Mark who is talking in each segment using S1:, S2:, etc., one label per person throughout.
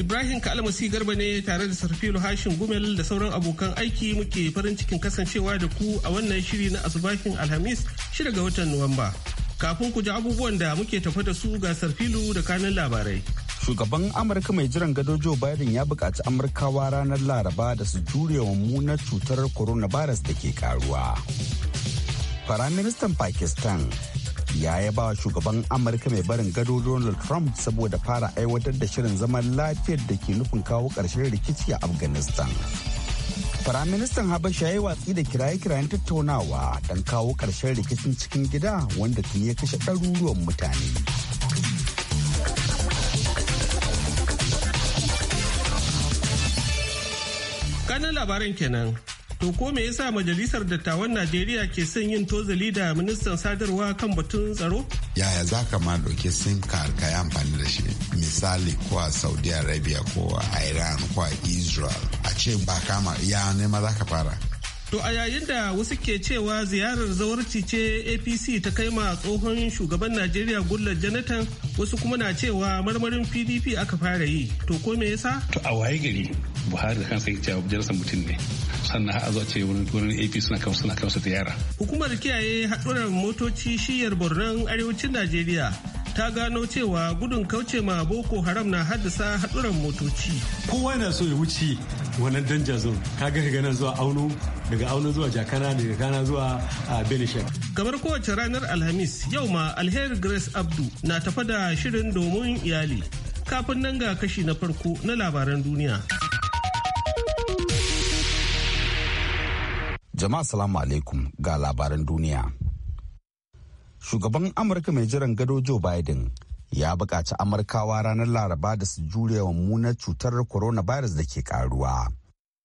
S1: Ibrahim Kalmasi Garba ne tare da Sarfilu Hashin Gumel da sauran abokan aiki muke farin cikin kasancewa da ku a wannan shiri na asubahin Alhamis shida ga watan Nuwamba. Kafin ku ji abubuwan da muke tafa da su ga Sarfilu da kanin labarai.
S2: Shugaban Amurka mai jiran gado Joe Biden ya buƙaci Amurkawa ranar Laraba da su jure wa munar cutar coronavirus da ke karuwa. Firaministan Pakistan ya yaba shugaban amurka mai barin gado donald trump saboda fara aiwatar da shirin zaman lafiyar da ke nufin kawo ƙarshen rikici a afghanistan Firaministan Habasha ya yi watsi da kiraye-kirayen tattaunawa don kawo ƙarshen rikicin cikin gida wanda tun ya kashe ɗaruruwan mutane.
S1: Kanin labarin kenan To ko me yasa majalisar dattawan Najeriya ke son yin tozali da ministan sadarwa kan batun tsaro?
S3: Yaya za ka ma doke sim card ka amfani da shi? Misali ko a Saudi Arabia ko a Iran ko a Israel a ce ba kama ya ne ma za ka fara.
S1: To a yayin da wasu ke cewa ziyarar zawarci ce APC ta kai ma tsohon shugaban Najeriya Gullar Jonathan wasu kuma na cewa marmarin PDP aka fara yi. To ko me yasa?
S4: To a waye gari Buhari da kansa yake cewa jarsa mutum ne. Sannan har a zo ce wurin wurin APC suna kawo suna kawo ziyara.
S1: Hukumar kiyaye haɗuran motoci shiyar Borno arewacin Najeriya ta gano cewa gudun kauce ma boko haram na haddasa haɗuran motoci. Kowa na so ya wuce wannan danja zone kaga daga nan zuwa auno daga
S4: auno zuwa jakana daga kana zuwa benishek
S1: kamar kowace ranar alhamis yau ma alheri grace abdu na tafa da shirin domin iyali kafin nan ga kashi na farko
S2: na labaran duniya jama'a salamu alaikum ga labaran duniya shugaban amurka mai jiran gado joe biden ya buƙaci amurkawa ranar laraba da su jure wa munar cutar coronavirus da ke karuwa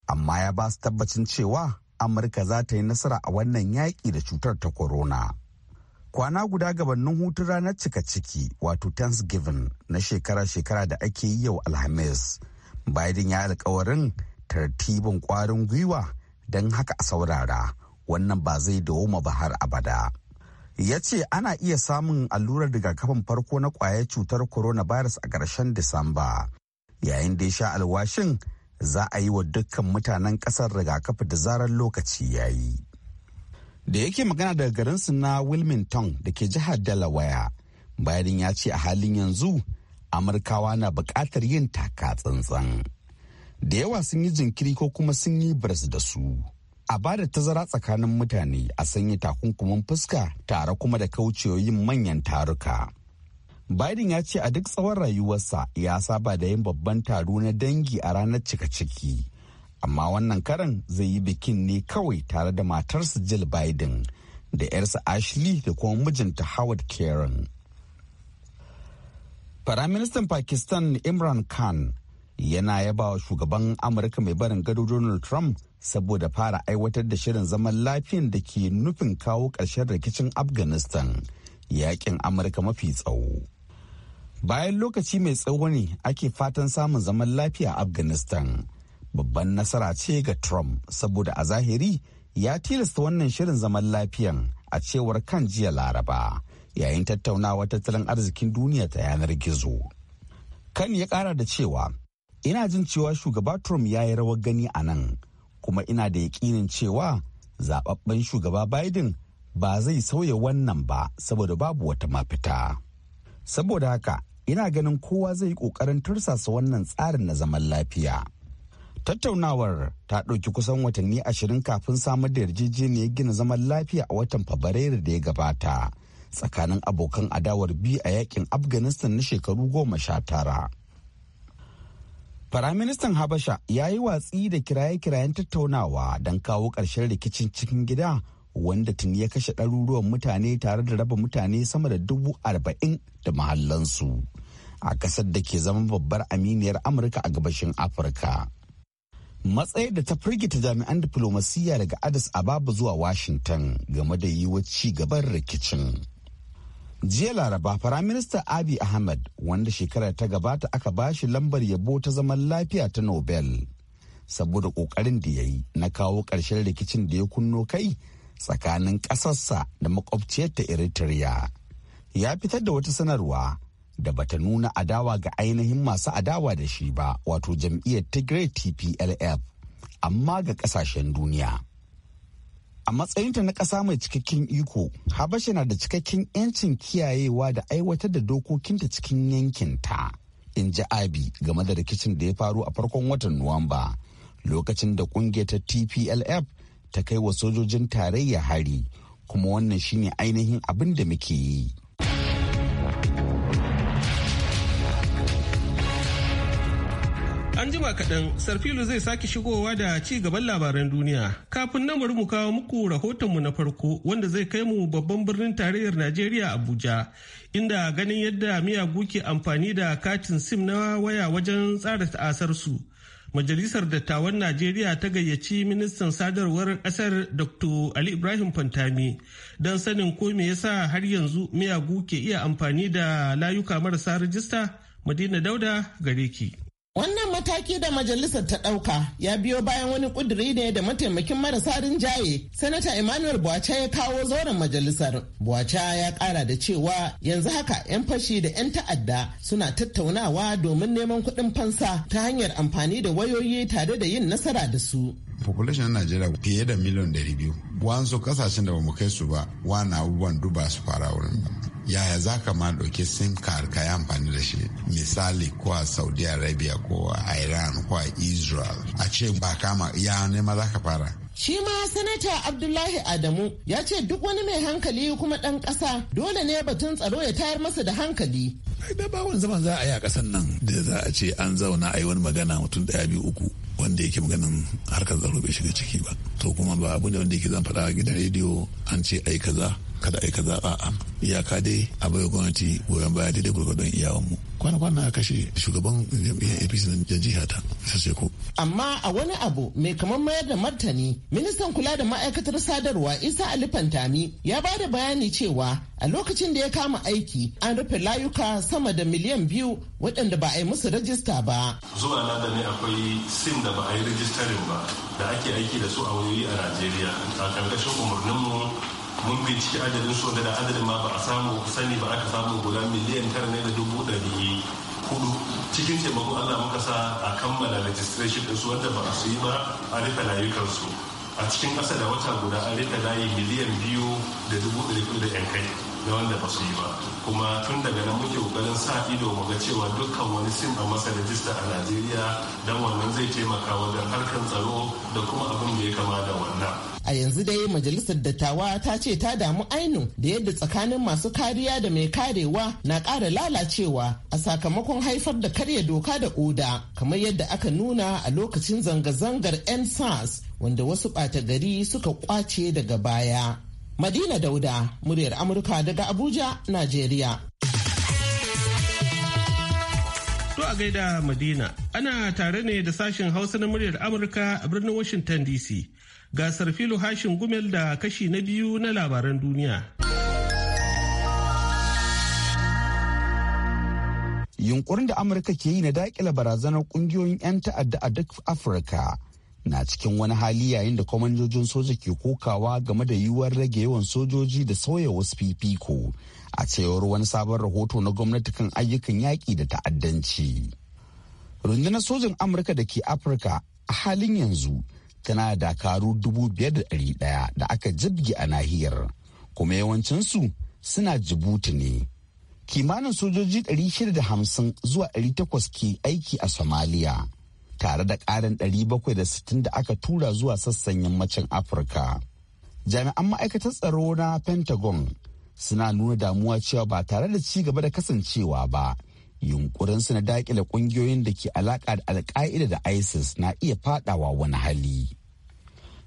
S2: amma ya ba su tabbacin cewa amurka za ta yi nasara a wannan yaƙi da cutar ta corona kwana guda gabanin hutun ranar cika ciki wato thanksgiving na shekara-shekara da ake yi yau alhamis biden ya alkawarin tartibin kwarin gwiwa don haka a saurara wannan ba zai dawoma ba har abada. ya ce ana iya samun allurar rigakafin farko na kwayar cutar coronavirus a ƙarshen disamba yayin da ya sha alwashin za a yi wa dukkan mutanen ƙasar rigakafi da zarar lokaci ya yi da yake magana daga garinsu na wilmington da ke jihar delaware bayan ya ce a halin yanzu amurkawa na buƙatar yin taka tsantsan da yawa sun yi jinkiri ko kuma sun yi bars da su a ba da tazara tsakanin mutane a sanya takunkumin fuska tare kuma da kaucewa manyan taruka. Biden ya ce a duk tsawon rayuwarsa ya saba da yin babban taro na dangi a ranar cika ciki. Amma wannan karan zai yi bikin ne kawai tare da matarsa Jill Biden da 'yarsa Ashley da kuma mijinta Howard Karen. Firaministan Pakistan Imran Khan yana yaba wa shugaban amurka mai barin gado donald trump saboda fara aiwatar da shirin zaman lafiyan da ke nufin kawo ƙarshen rikicin afghanistan yakin amurka mafi tsawo bayan lokaci mai tsawo ne ake fatan samun zaman lafiya a afghanistan babban nasara ce ga trump saboda a zahiri ya tilasta wannan shirin zaman lafiyan a cewar kan jiya laraba yayin tattaunawa tattalin arzikin duniya ta yanar gizo kan ya kara da cewa ina jin cewa shugaba trump ya yi rawar gani a nan kuma ina da yakinin cewa zababben shugaba biden ba zai sauya wannan ba saboda babu wata mafita saboda haka ina ganin kowa zai yi kokarin tursasa wannan tsarin na zaman lafiya tattaunawar ta ɗauki kusan watanni ashirin kafin samar da yarjejeniyar gina zaman lafiya a watan fabrairu da ya gabata tsakanin abokan adawar biyu a yakin afghanistan na shekaru goma sha tara Firaministan Habasha ya yi watsi da kiraye-kirayen tattaunawa don kawo ƙarshen rikicin cikin gida wanda tuni ya kashe ɗaruruwan mutane tare da raba mutane sama da dubu arba'in da mahallansu a ƙasar da ke zama babbar aminiyar Amurka a gabashin Afirka. Matsayar da ta firgita jami'an diflomasiyya daga Addis Ababa zuwa Washington game da yiwuwar ci gaban rikicin. jiya laraba firaminista abi ahmad wanda shekarar ta gabata aka ba shi lambar yabo ta zaman lafiya ta nobel saboda kokarin da ya yi na kawo ƙarshen rikicin da ya kunno kai tsakanin ƙasarsa da makwabciyarta eritrea ya fitar da wata sanarwa da bata nuna adawa ga ainihin masu adawa da shi ba wato jam'iyyar tigray tplf amma ga ƙasashen duniya A matsayinta na ƙasa mai cikakken iko, Habasha na da cikakken 'yancin kiyayewa da aiwatar da dokokinta cikin yankinta, in ji Abi game da rikicin da ya faru a farkon watan Nuwamba, lokacin da ƙungiyar ta TPLF ta kai wa sojojin tarayya hari, kuma wannan shine ainihin abin da muke yi.
S1: An jima kaɗan, Sarfilu zai sake shigowa da ci gaban labaran duniya. Kafin nan bari mu kawo muku rahotonmu na farko wanda zai kai mu babban birnin tarayyar Najeriya Abuja, inda ganin yadda miyagu ke amfani da katin sim na waya wajen tsara su Majalisar Dattawan Najeriya ta gayyaci ministan sadarwar ƙasar Dr. Ali Ibrahim Fantami don sanin ko me yasa har yanzu miyagu ke iya amfani da layuka marasa rajista Madina Dauda gare ki.
S5: Wannan mataki da majalisar ta ɗauka ya biyo bayan wani ƙudiri ne da mataimakin marasa rinjaye, Sanata Emmanuel Buwacha ya kawo zauren majalisar. Buwacha ya kara da cewa yanzu haka 'yan fashi da 'yan ta'adda suna tattaunawa domin neman kuɗin fansa ta hanyar amfani da wayoyi tare da yin nasara da su.
S3: population na Najeriya fiye da miliyan 200. Wansu kasashen da ba mu kai su ba, wa na abubuwan duba su fara wurin ba. yaya za ka ma ɗauki sim card ka yi amfani da shi misali ko a saudi arabia ko a iran ko a israel a ce ba kama ya nema za ka fara
S5: Shi ma Sanata Abdullahi Adamu ya ce duk wani mai hankali kuma ɗan ƙasa dole ne batun tsaro ya tayar masa da hankali. Da ba wani zaman za
S4: a yi a ƙasan nan da za a ce an zauna a yi wani magana mutum ɗaya biyu uku wanda yake maganin harkar zaro bai shiga ciki ba to kuma ba abu ne wanda yake zan faɗa a gidan rediyo an ce ai kaza kada ai kaza a'a iyaka dai a bai gwamnati goyon baya daidai gwargwadon iyawanmu kwana kwana ya kashe shugaban jam'iyyar apc na
S5: jiha ta ko. amma a wani abu mai kamar mayar da martani ministan kula da ma'aikatar sadarwa isa ali fantami ya ba da bayani cewa a lokacin da ya kama aiki an rufe layuka sama da miliyan biyu waɗanda ba a yi musu rajista ba zuwa
S4: na da ne akwai sim da ba a yi rijistarin ba da ake aiki da su a wuri a najeriya a karkashin umarninmu mun bincike adadin su da adadin ma ba a samu sani ba aka samu guda miliyan tara ne da dubu ɗari hudu cikin taimakon allah muka sa a kammala registration su wanda ba a su yi ba a layukan su a cikin ƙasa da wata guda a rika layi miliyan biyu da dubu ɗari da yan kai da wanda ba su yi ba
S1: kuma tun daga nan muke kokarin sa ido mu ga cewa dukkan wani sim a masa rajista a najeriya don wannan zai taimaka wajen harkar tsaro da kuma abin da ya kama da wannan
S5: a yanzu dai majalisar dattawa ta ce ta damu ainu da yadda tsakanin masu kariya da mai karewa na ƙara lalacewa a sakamakon haifar da karya doka da oda kamar yadda aka nuna a lokacin zanga-zangar nsars wanda wasu ɓata gari suka kwace daga baya Madina Dauda, muryar Amurka daga Abuja, Najeriya.
S1: To a gaida Madina, ana tare ne da sashen Hausa na muryar Amurka a birnin Washington DC. Gasar filo hashin gumel da kashi na biyu na labaran duniya.
S2: Yunkurin da Amurka ke yi na daƙila barazanar ƙungiyoyin 'yan ta'adda a duk Afirka na cikin wani hali yayin da kwamandojin soja ke kokawa game da yiwuwar rage yawan sojoji da sauya wasu fifiko a cewar wani sabon rahoto na gwamnati kan ayyukan yaƙi da ta'addanci. rundunar sojin amurka da ke afirka a halin yanzu tana dakaru dubu biyar da dari daya da aka jibge a nahiyar kuma yawancinsu suna jibuti ne kimanin sojoji dari shida da hamsin zuwa ɗari takwas ke aiki a somaliya tare da ƙarin 760 da aka tura zuwa sassan yammacin afirka jami'an ma'aikatar tsaro na pentagon suna nuna damuwa cewa ba tare da ci gaba da kasancewa ba yunkurin su na dakile kungiyoyin da ke alaka da alka'ida da isis na iya fadawa wani hali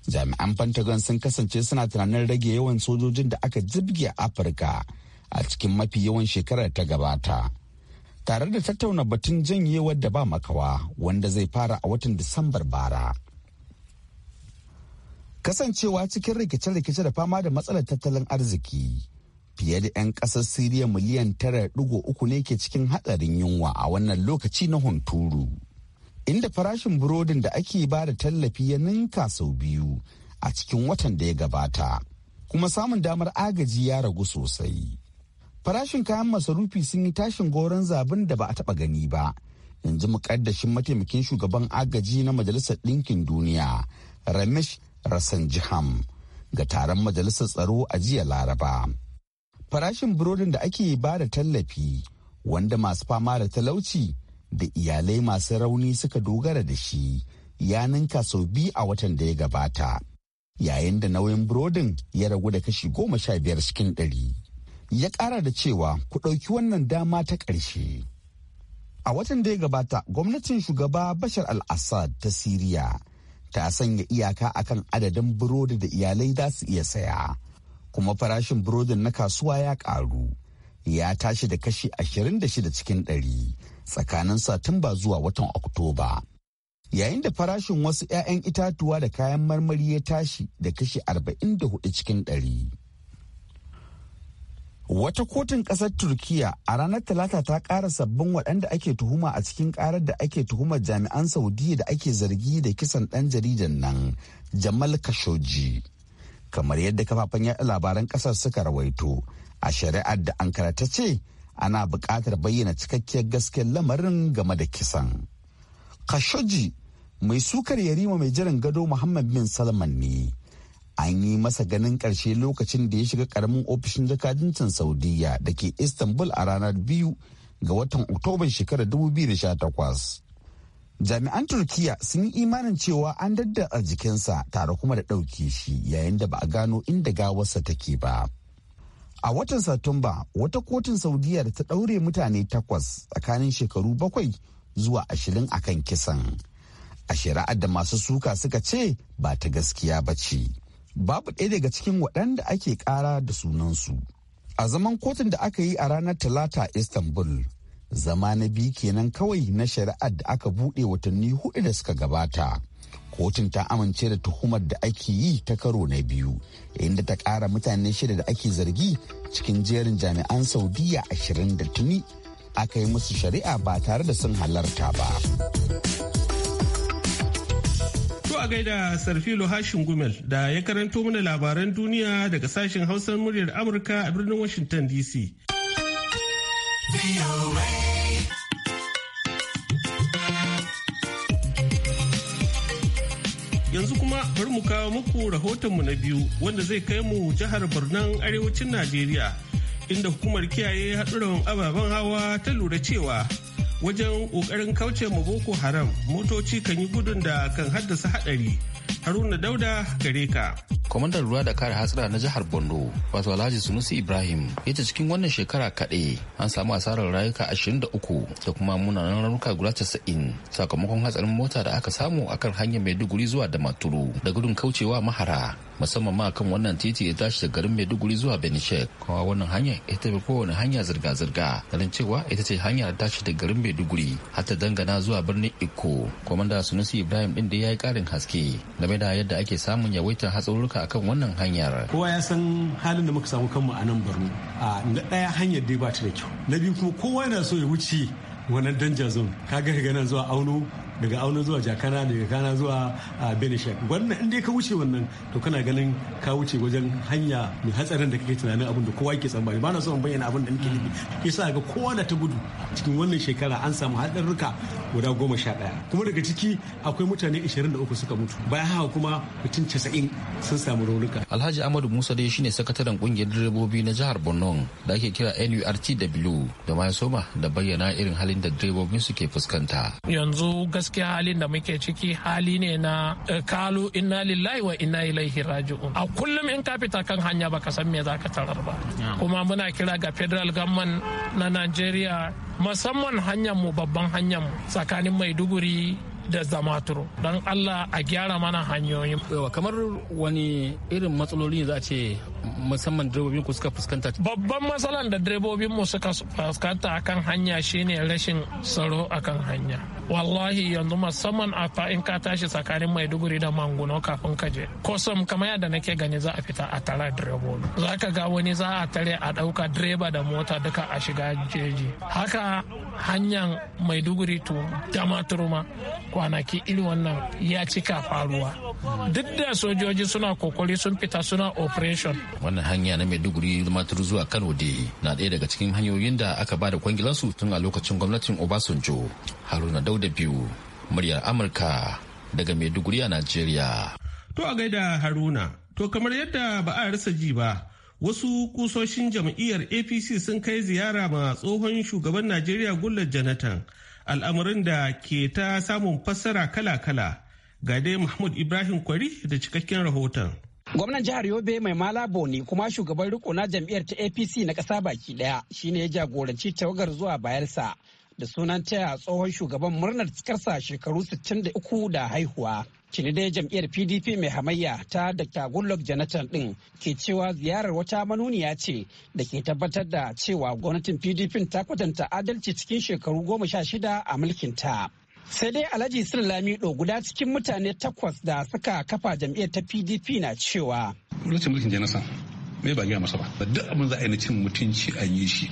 S2: jami'an pentagon sun kasance suna tunanin rage yawan sojojin da aka jibge a afirka a cikin mafi yawan shekarar ta gabata tare da tattauna batun janyewar da ba makawa wanda zai fara a watan Disambar bara. Kasancewa cikin rikice-rikice da fama da matsalar tattalin arziki fiye da 'yan kasar Siriya miliyan tara uku ne ke cikin haɗarin yunwa a wannan lokaci na hunturu. Inda farashin burodin da ake ba da tallafi ya ninka sau biyu a cikin watan da ya gabata, kuma samun damar agaji ya ragu sosai. farashin kayan masarufi sun yi tashin goron zabin da ba a taba gani ba yanzu mukaddashin mataimakin shugaban agaji na majalisar ɗinkin duniya ramesh rasanjiham ga taron majalisar tsaro a jiya laraba farashin burodin da ake ba da tallafi wanda masu fama da talauci da iyalai masu rauni suka dogara da shi ya ninka sau biyu a watan da ya gabata yayin da nauyin burodin ya ragu da kashi goma sha biyar cikin ɗari ya ƙara da cewa ku ɗauki wannan dama ta ƙarshe. A watan da ya gabata, gwamnatin shugaba Bashar al-Assad ta Siriya ta sanya iyaka akan adadin burodi da iyalai za su iya saya, kuma farashin burodin na kasuwa ya ƙaru. Ya tashi da kashi ashirin da shida cikin ɗari tsakanin Satumba zuwa watan Oktoba. Yayin da farashin wasu 'ya'yan itatuwa da kayan marmari ya tashi da kashi 44 cikin ɗari. Wata kotun kasar Turkiya a ranar Talata ta kara sabbin waɗanda ake tuhuma a cikin karar da ake tuhumar jami'an Saudiya da ake zargi da kisan ɗan jaridan nan Jamal kashoji. Kamar yadda kafafen yaɗa labaran ƙasar suka rawaito a shari'ar da Ankara ta ce ana buƙatar bayyana cikakkiyar gasken lamarin game da kisan. kashoji mai sukar yarima mai jiran gado Muhammad bin Salman ne an yi masa ganin ƙarshe lokacin da ya shiga ƙaramin ofishin jakadancin saudiya da ke istanbul a ranar biyu ga watan oktoban shekarar 2018 jami'an turkiya sun yi imanin cewa an daddada jikinsa tare kuma da ɗauke shi yayin da ba a gano inda gawarsa take ba a watan satumba wata kotun saudiyya da ta ɗaure mutane takwas tsakanin shekaru bakwai zuwa ashirin akan kisan a shari'ar da masu suka suka ce ba ta gaskiya ba ce babu ɗaya daga cikin waɗanda ake ƙara da sunansu. A zaman kotun da aka yi a ranar Talata Istanbul, zama na biyu kenan kawai na shari'ar da aka buɗe watanni hudu da suka gabata. Kotun ta amince da tuhumar da ake yi ta karo na biyu, inda ta ƙara mutane shida da ake zargi cikin jerin jami'an Saudiya ashirin da tuni aka yi musu shari'a ba tare da sun halarta ba.
S1: a gaida Sarfilo Hashin Gumel da ya karanto mana labaran duniya daga sashen Hausar muryar Amurka a birnin Washington DC. Yanzu kuma bari mu kawo muku rahotonmu na biyu wanda zai kai mu jihar birnin arewacin Najeriya inda hukumar kiyaye haɗuran ababen hawa ta lura cewa wajen ƙoƙarin kauce ma boko haram motoci kan yi gudun da kan haddasa haɗari Haruna Dauda gare ka.
S6: Kwamandan ruwa da kare hatsira na jihar Borno, wato Alhaji Sunusi Ibrahim, ya ce cikin wannan shekara kaɗai an samu asarar rayuka 23 da kuma munanan raunuka guda 90 sakamakon hatsarin mota da aka samu akan hanyar Maiduguri zuwa Damaturu da gudun kaucewa mahara. musamman ma kan wannan titi ya tashi da garin Maiduguri zuwa Benishek kuma wannan hanya ya tafi kowane hanya zirga-zirga ganin cewa ita ce hanya da tashi da garin Maiduguri har ta dangana zuwa birnin Iko. kwamandan Sunusi Ibrahim ɗin da ya yi ƙarin haske game da yadda ake samun yawaitar hatsarurruka akan
S4: wannan hanyar. Kowa ya san halin da muka samu kanmu a nan Borno. Na ɗaya hanyar dai ba ta da kyau. Na biyu kuma kowa yana so ya wuce wannan danja zone kaga ga nan zuwa auno daga auna zuwa jakana daga kana zuwa a benishek wannan in dai ka wuce wannan to kana ganin ka wuce wajen hanya mai hatsarin da kake tunanin abin da kowa yake tsammani ba na son bayyana abin da nake nufi sa ga kowa da ta gudu cikin wannan shekara an samu haɗarurruka guda goma sha ɗaya kuma daga ciki akwai mutane da uku suka mutu bayan haka kuma mutum casa'in sun samu
S6: raunuka alhaji amadu musa dai shine sakataren kungiyar direbobi na jihar borno da ake kira nurtw da maya soma da bayyana irin halin da direbobin suke fuskanta
S7: yanzu gas gaskiya halin da muke ciki hali ne na eh, kalu inna lillahi wa inna ilaihi raji'un a kullum in ka fita kan hanya baka san me zaka tarar ba kuma muna kira ga federal government na Nigeria musamman hanyar mu babban hanyar mu tsakanin Maiduguri da zamaturu don allah a gyara mana hanyoyin kamar wani irin matsaloli za a ce musamman direbobin ku suka fuskanta babban matsalan da direbobin mu suka fuskanta akan hanya shine rashin tsaro akan hanya wallahi yanzu musamman a fa'in ka tashi tsakanin maiduguri da manguno kafin ka je kosom kamar yadda nake gani za a fita a tara direbobi za ka ga wani za a tare a ɗauka direba da mota duka a shiga jeji haka hanyar maiduguri to damaturma kwanaki iri wannan ya cika faruwa duk da sojoji suna kokari sun fita suna operation wannan hanya na maiduguri damatur zuwa kano de na ɗaya daga cikin hanyoyin
S6: da aka ba da kwangilansu tun a lokacin gwamnatin obasanjo haruna dauda biyu muryar amurka daga maiduguri a nigeria.
S1: to a gaida haruna to kamar yadda ba a rasa ji ba wasu kusoshin jam'iyyar apc sun kai ziyara ma tsohon shugaban najeriya gullar janatan al'amarin da ke ta samun fassara kala-kala ga dai mahmud ibrahim kwari da cikakken rahoton Gwamnan
S8: jihar Yobe mai Malabo ne kuma shugaban riko na jam'iyyar ta APC na kasa baki ɗaya shine ya jagoranci tawagar zuwa bayelsa da sunan taya tsohon shugaban murnar cikarsa shekaru 63 da haihuwa. Cini dai jam'iyyar PDP mai hamayya ta Dr. Goodluck Jonathan ɗin ke cewa ziyarar wata manuniya ce da ke tabbatar da cewa gwamnatin PDP ta kwatanta adalci cikin shekaru goma sha shida a mulkin ta. Sai dai Alhaji Lamido guda cikin mutane takwas da suka kafa jam'iyyar ta PDP na cewa.
S4: Gwamnatin mulkin Jonathan me ba gaya masa ba duk abin za a yi na cin mutunci an yi shi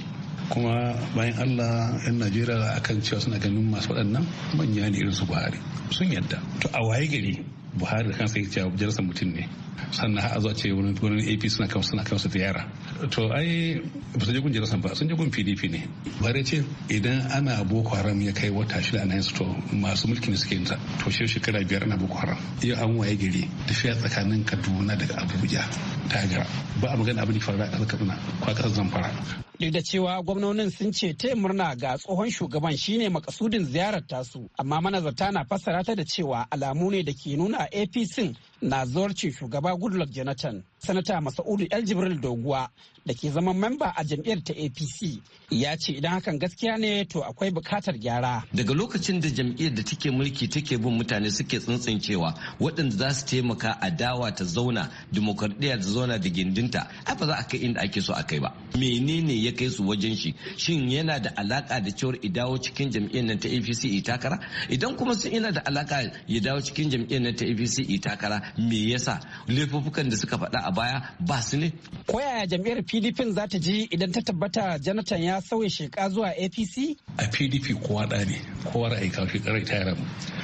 S4: kuma bayan allah yan najeriya akan cewa suna ganin masu waɗannan manya ne irin su buhari sun yadda to a waye gari buhari da kansa ya ce mutum ne sannan a zo a ce wani wani AP suna kawo suna kawo yara to ai ba su jagun jirasan ba sun jagun PDP ne bare ce idan ana Boko Haram ya kai wata shida a yansu to masu mulki ne suke yin ta to shi shekara biyar ana Boko Haram iya an waye gari tafiya tsakanin Kaduna daga Abuja gara ba a magana abin faru a ƙasar Kaduna ko a ƙasar Zamfara
S8: duk da cewa gwamnonin sun ce ta murna ga tsohon shugaban shine makasudin ziyarar tasu amma manazarta na fassara ta da cewa alamu ne da ke nuna apc na zuwarci shugaba goodluck jonathan sanata masa'udu el jibril doguwa da ke zama memba a jam'iyyar ta apc ya ce idan hakan gaskiya ne to akwai bukatar gyara
S6: daga lokacin da jam'iyyar da take mulki take bin mutane suke tsintsincewa waɗanda za su taimaka a dawa ta zauna dimokuraɗiyya ta zauna da gindinta a ba za a kai inda ake so a kai ba menene ya kai su wajen shi shin yana da alaka da cewar idawo cikin jam'iyyar nan ta apc takara idan kuma sun yana da alaka ya dawo cikin jam'iyyar nan ta apc takara me yasa laifuffukan da suka faɗa
S8: a baya ba su ne. Ko yaya jam'iyyar PDP za ta ji idan ta tabbata Jonathan ya sauya sheka zuwa APC?
S4: A PDP kowa ɗa ne, kowa ra'ayi kawo shi ɗarai ta yaran.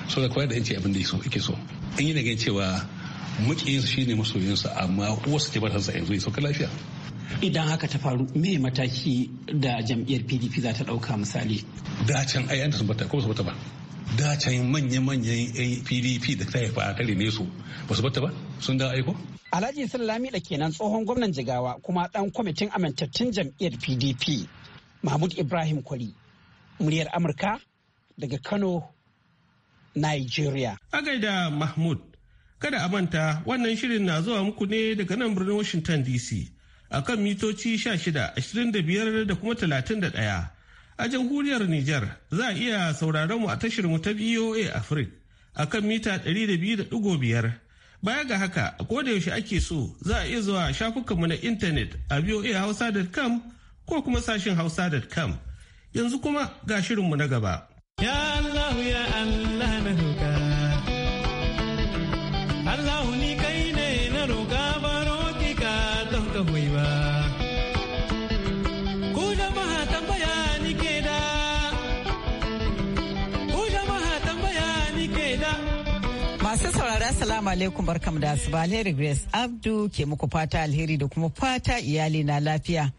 S4: So da kowa da yanci abin da yake so. In yi ganin cewa shi shine masoyinsa amma wasu ke bar yanzu ya sauka lafiya.
S8: idan haka ta faru me mataki da jam'iyyar
S4: pdp za ta ɗauka misali da can ai an sun bata ko su bata ba dacen manya-manyan pdp da ta haifa a ne su ba su bata ba sun da aiko
S8: alhaji Lami da kenan tsohon gwamnan jigawa kuma dan kwamitin amintattun jam'iyyar pdp mahmud ibrahim kwari muryar amurka daga kano
S1: nigeria a gaida mahmud kada a manta wannan shirin na zuwa muku ne daga nan birnin washington dc akan mitoci 16 25 da kuma 31 A jamhuriyar Nijar za a iya sauraron mu a tashar mu ta BOA Africa a kan mita 200.5. Baya ga haka, a yaushe ake so za a iya zuwa shafukanmu na intanet a voahausa.com ko kuma sashin hausa.com. Yanzu kuma ga shirinmu na gaba. Ya Allah ya Allah.
S9: Assalamu alaikum barkam da asuba alheri Grace Abdu ke muku fata alheri da kuma fata iyali na lafiya.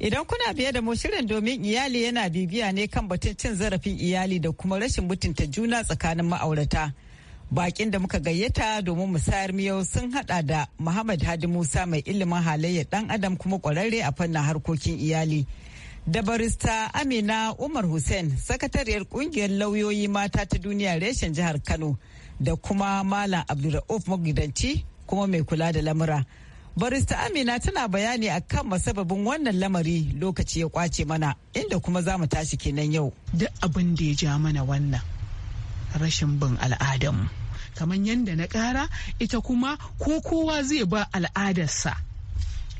S9: Idan kuna biye da mu shirin domin iyali yana bibiya ne kan batun cin zarafin iyali da kuma rashin mutunta juna tsakanin ma'aurata. Bakin da muka gayyata domin musayar miyau sun hada da Muhammad Hadi Musa mai ilimin halayya dan adam kuma kwararre a fannin harkokin iyali. Da barista Amina Umar Hussein, sakatariyar kungiyar lauyoyi mata ta duniya reshen jihar Kano. da kuma Malam Abdulra'uf magidanci kuma mai kula da lamura. Barista Amina tana bayani a kan masababin wannan lamari lokaci ya kwace mana inda kuma za mu tashi kenan yau. Duk abin da ya ja mana wannan rashin bin mu Kamar yadda na ƙara ita kuma ko kowa zai ba al'adarsa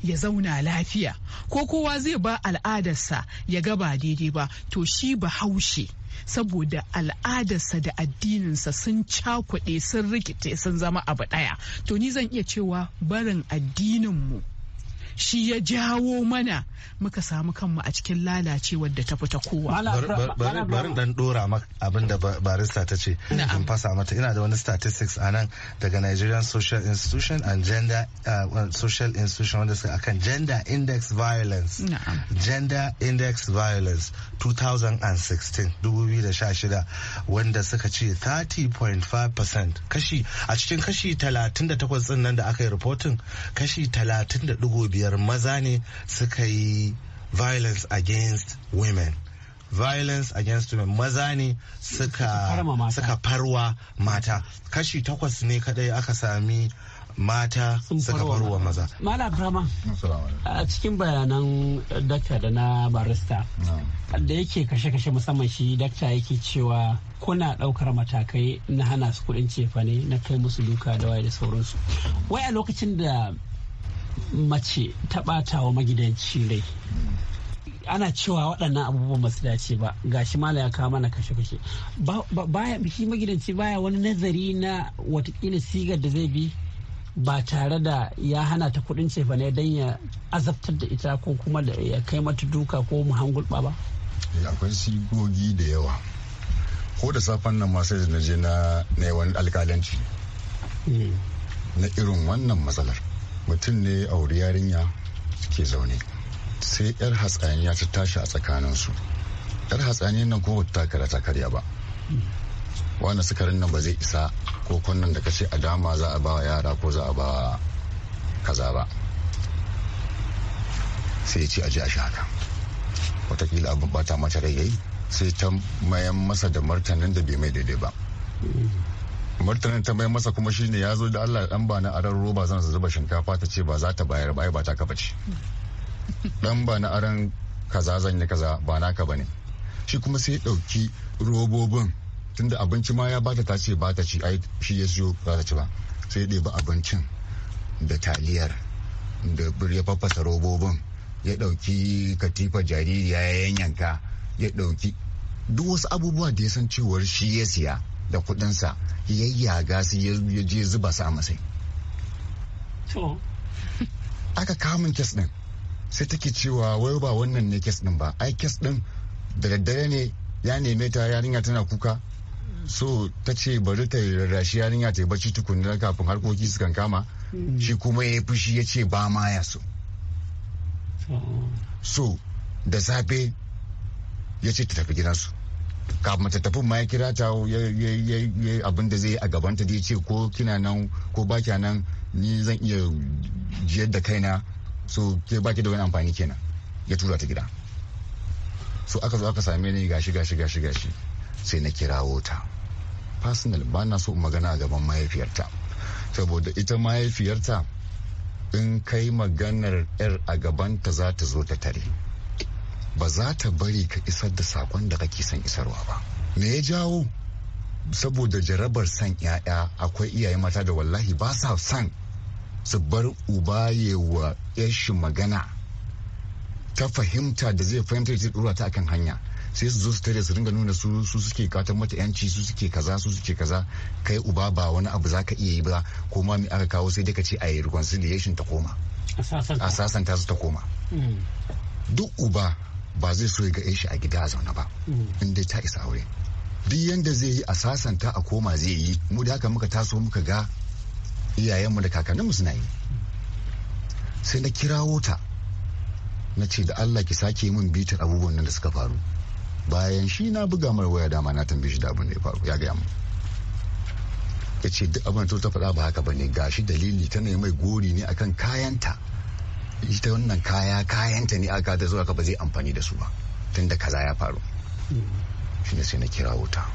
S9: ya zauna lafiya ko kowa zai ba al'adarsa ya gaba daidai ba to shi bahaushe saboda al'adarsa da addininsa sun cakuɗe sun rikite sun zama abu ɗaya to ni zan iya cewa barin addinin mu. shi ya jawo mana muka samu kanmu a cikin lalacewar da ta fita kowa. Bari
S5: dan dora abin da barista ta ce in fasa mata ina da wani statistics a nan daga Nigerian Social Institution and Gender uh, Social Institution wanda suka akan Gender Index Violence. Gender Index Violence 2016 2016 wanda suka ce 30.5% kashi a cikin kashi 38 din nan da aka yi reporting kashi 30.5 kungiyar maza ne suka yi violence against women violence against women maza ne suka farwa mata kashi takwas ne kadai aka sami mata suka farwa maza mala brahma
S8: a cikin bayanan dakta da na barista da yake kashe-kashe musamman shi dakta yake cewa kuna daukar matakai na hana su kudin cefane na kai musu duka da waye da sauransu wai a lokacin da mace ta ɓata wa magidanci rai ana cewa waɗannan abubuwan ba su dace ba ga shi mala ya kawo mana kashe kashe baya shi magidanci baya wani nazari na watakila sigar da zai bi ba tare da ya hana ta kuɗin cefane don ya azabtar da ita ko kuma da ya kai mata duka ko mu hangulɓa ba
S3: akwai sigogi da yawa ko da safen nan ma sai na je na wani alkalanci hmm. na irin wannan matsalar mutum ne a wuri yarinya suke zaune sai yar hatsaniya ta tashi a tsakaninsu yar hatsaniya nan kuma ta kare ta karya ba wani sukarin nan ba zai isa ko kunnan da kace a dama za a ba yara ko za a ba kaza ba sai ya ce a ji a shi haka watakila abin bata mata rai yayi sai ta mayan masa da martanin da bai mai daidai ba martanin tambayar masa kuma shine ya zo da allah dan ba na aran roba zan zuba shinkafa ta ce ba za ta bayar ba ba ta ka bace hmm. dan ba na aran kaza zan yi kaza ba naka bane shi kuma sai dauki robobin tunda abinci ma ya bata ta ce ba ta ci ai shi ya siyo ba ta ci ba sai ya ɗebi abincin da taliyar da ya faffasa robobin ya ɗauki katifa jariri ya yanyanka ya ɗauki duk wasu abubuwa da ya san cewar shi ya siya da kudinsa yayyaga su ya je zuba su a masai aka kamun kes ɗin sai take cewa wai ba wannan ne kes ɗin ba ai kes ɗin da daddare ne ya neme ta yarinya tana kuka so ta ce bari ta yi rarrashi yarinya ta yi bacci tukunna kafin harkoki su kan kama hmm. shi kuma ya fushi ya ce ba ma ya so so da safe ya ce ta tafi gidansu kafin ta tafi ma ya kira ta ya abin da zai yi a gabanta da ya ce ko kina nan ko ba kya nan ni zan iya jiyar da kaina so ke baki da wani amfani kenan ya tura ta gida so aka zo aka same ni gashi gashi gashi gashi sai na kirawo ta personal ba na so magana a gaban mahaifiyarta saboda ita mahaifiyarta in kai maganar yar a gabanta za ta zo ta tare ba za ta bari ka isar da sakon da kake son isarwa ba me ya jawo saboda jarabar san yaya akwai iyaye mata da wallahi ba sa son su bar uba wa yashi magana ta fahimta da zai fahimta da dora ta akan hanya sai su zo su tare su ringa nuna su su suke katon mata yanci su suke kaza su suke kaza kai uba ba wani abu za ka iya yi ba ko ma me aka kawo sai dai ka ce a yi reconciliation ta koma a sasanta su ta koma mm. duk uba ba zai so ya ga shi a gida a zaune ba mm. in dai ta isa aure duk yadda zai yi a sasanta a koma zai yi mu da haka muka taso muka ga iyayenmu da kakanninmu suna yi sai na kirawo ta na ce da Allah ki sake min bitar abubuwan nan da suka faru bayan shi na buga mara waya dama na tambaye shi da abin da ya faru ya gaya mu ya ce duk abin da ta faɗa ba haka ba ne gashi dalili tana mai gori ne akan kayanta ita wannan kaya kayanta ne aka ta zuwa ka ba zai amfani da su ba tun da kaza ya faru shi ne sai na kira wuta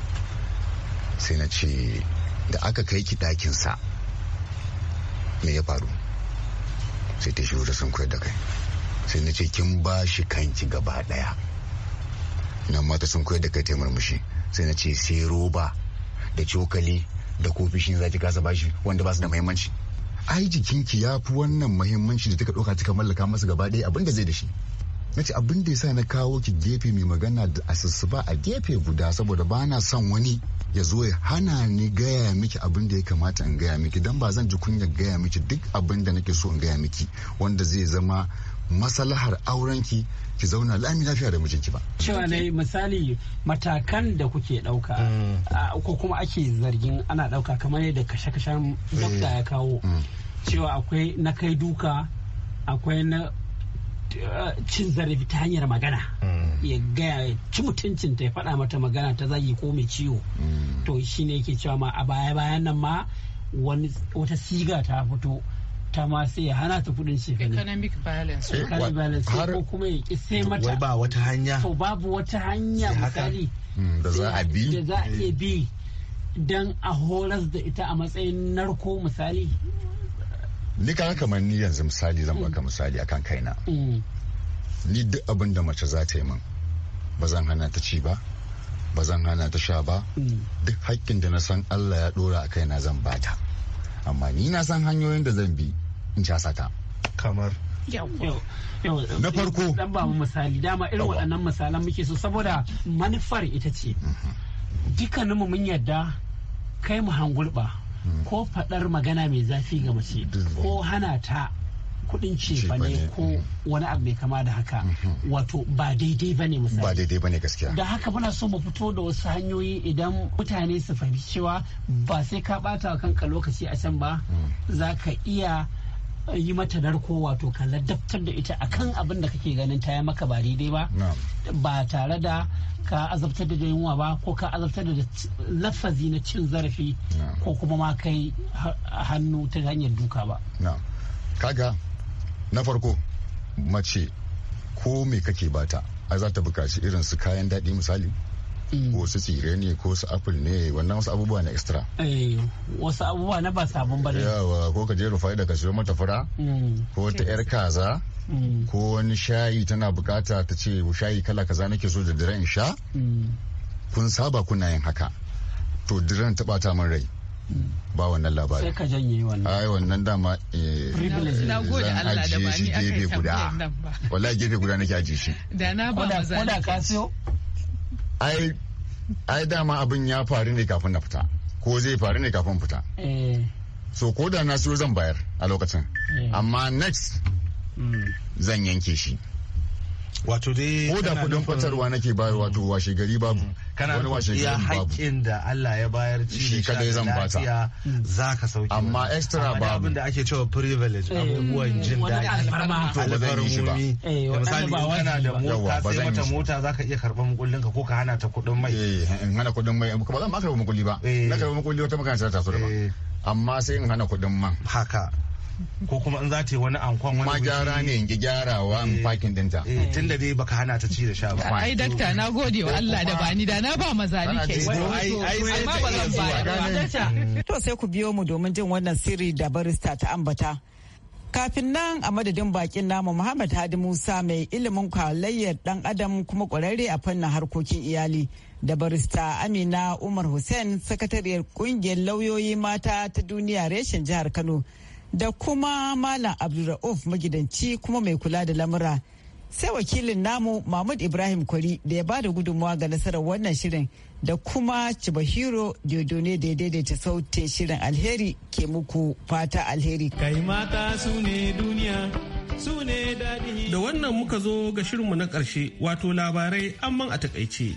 S3: sai na ce da aka kai ki ɗakinsa me ya faru sai ta shiru ta sun koyar da kai sai na ce kin ba shi kanki gaba ɗaya nan mata sun koyar da kai ta murmushi sai na ce sai roba da cokali da kofi shi za ki kasa bashi wanda ba su da muhimmanci ai jikinki ya fi wannan muhimmanci da kika ɗauka kika mallaka masa gaba ɗaya abin da zai da shi na ce abin da ya sa na kawo ki gefe mai magana da asusuba a gefe guda saboda ba na son wani ya zo ya hana ni gaya miki abin da ya kamata in gaya miki don ba zan ji kunyar gaya miki duk abin da nake so in gaya miki wanda zai zama masalahar aurenki ki zauna lami lafiya da mijinki ba.
S8: Cewa na misali matakan da kuke ɗauka mm. ko kuma
S3: ake zargin
S8: ana ɗauka kamar yadda kashe-kashen dokta ya eh. kawo mm. cewa akwai na kai duka akwai na eh, cin zarafi ta hanyar magana mm. ya gaya ci mutuncin ta ya faɗa mata magana ta zagi ko mai ciwo to shine yake cewa ma a baya-bayan nan ma wata siga ta fito ta ma sai ya hana ta kudin shi.
S9: economic balance eh, economic
S8: balance
S5: ko kuma ya ki sai mata wai ba wata hanya to babu
S8: wata hanya misali hmm, da za a bi da za a bi dan a horas da ita a matsayin narko misali
S3: ni kan kamar ni yanzu misali zan baka misali akan kaina hmm. ni duk abin da mace za ta yi min ba zan hana ta ci ba ba zan hana ta sha ba hmm. duk hakkin da na san Allah ya dora a kaina zan bata amma ni na san hanyoyin da zan bi in
S5: kamar
S8: na farko dan ba mu misali dama irin waɗannan misalan muke so saboda manufar ita ce mhm. Dukkanin mu mun yarda kai mu hangulba mhm. ko faɗar magana mai zafi ga mace ko hana ta kudin cefa ne ko mhm. wani abu mai kama da haka wato ba daidai bane misali
S3: ba daidai bane gaskiya
S8: da haka muna so mu fito da wasu hanyoyi idan mutane su fahimci cewa ba sai ka bata kanka lokaci a can ba za ka iya yi mata narko wato ka ladabtar da ita akan abin da kake ganin ta yi maka ba daidai ba ba tare da ka azabtar da yunwa ba ko ka azabtar da lafazi na cin zarafi ko kuma ma kai hannu ta hanyar duka ba
S3: kaga na farko mace ko me kake bata a za ta bukaci irin su kayan daɗi misali Mm. Wasu tsire ne ko su apple ne wannan wasu abubuwa na extra
S8: eh, wasu abubuwa na ba sabon bane
S3: yawa ko ka je rufai da ka siyo mata fura
S8: mm. ko ta yar
S3: kaza mm. ko wani shayi tana bukata ta ce shayi kala kaza nake so da daren sha kun saba kuna yin haka to diran ta bata min rai ba wannan labari sai ka janye wannan ai wannan dama eh na gode Allah da ba ni gefe guda wallahi gefe guda nake ajiye shi
S9: da na ba maza ko da ka siyo
S3: ai ai dama abin ya faru ne kafin na fita ko zai faru ne kafin fita eh. so ko da na siyo zan bayar a lokacin eh. amma next hmm. zan yanke shi wato dai ko da kudin fatarwa nake bayar wato washe gari babu hmm. kana da washe gari babu
S5: haƙƙin da Allah ya bayar ci shi kadai
S3: zan bata
S1: hmm. ka sauke amma extra babu abin
S3: da ake cewa privilege eh, abubuwan jin
S1: daɗi to ba zan yi shi ba eh, misali kana da mota sai mata mota
S3: zaka iya karban mukullin ka ko ka hana ta kudin mai eh hana kudin mai ba zan ma karba mukulli ba eh. na karba mukulli wata magana ta taso da ba amma sai in hana kudin man haka ko kuma in za yi wani ankon wani ma gyara ne in gyarawa in fakin eh. dinta eh, tun da dai baka hana ta ci da sha ba ai dakta
S9: na gode wa Allah da bani da na ba maza nike amma ba zan ba to sai ku biyo mu domin jin wannan sirri da barista ta ambata kafin nan a madadin bakin namu Muhammad Hadi Musa mai ilimin kwalayyar dan adam kuma kwararre a fannin harkokin iyali da barista Amina Umar Hussein sakatariyar kungiyar lauyoyi mata ta duniya reshen jihar Kano da kuma Malam Abdulra'uf magidanci kuma mai kula da lamura. Sai wakilin namu Mahmud Ibrahim Kwari da ya bada gudunmawa ga nasarar wannan shirin da kuma Chibahiro Diodone da ya daidaita sautin shirin alheri ke muku fata alheri. Kai mata
S1: su ne duniya, su ne dadi. Da wannan muka zo ga shirinmu na ƙarshe wato labarai amman a
S2: takaice.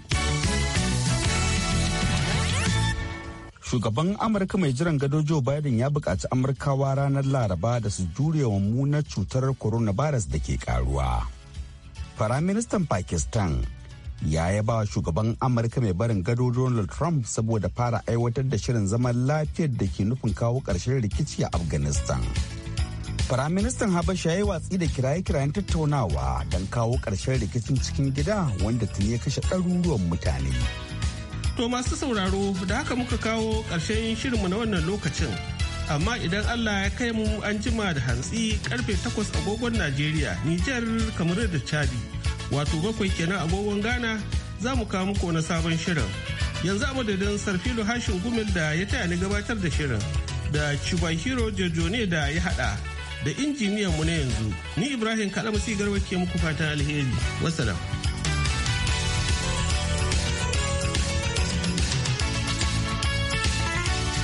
S2: shugaban amurka mai jiran gado joe biden ya buƙaci amurkawa ranar laraba da su jure wa munar cutar coronavirus da ke karuwa firaministan pakistan ya yaba shugaban amurka mai barin gado donald trump saboda fara aiwatar da shirin zaman lafiyar da ke nufin kawo ƙarshen rikici a afghanistan firaministan habasha ya yi watsi da kiraye-kirayen tattaunawa don kawo ƙarshen rikicin cikin gida wanda tuni ya kashe ɗaruruwan mutane.
S1: To masu sauraro da haka muka kawo ƙarshen shirinmu na wannan lokacin. Amma idan Allah ya kai mu an jima da hantsi karfe takwas agogon Najeriya, Nijar, kamar da Chadi. Wato bakwai kenan agogon Ghana za mu kawo muku wani sabon shirin. Yanzu a madadin Sarfilo Hashin Gumel da ya taya ni gabatar da shirin. Da Chubahiro ne da ya haɗa. Da injiniyan mu na yanzu, ni Ibrahim Kalamusi Garba ke muku fatan alheri. Wassalam.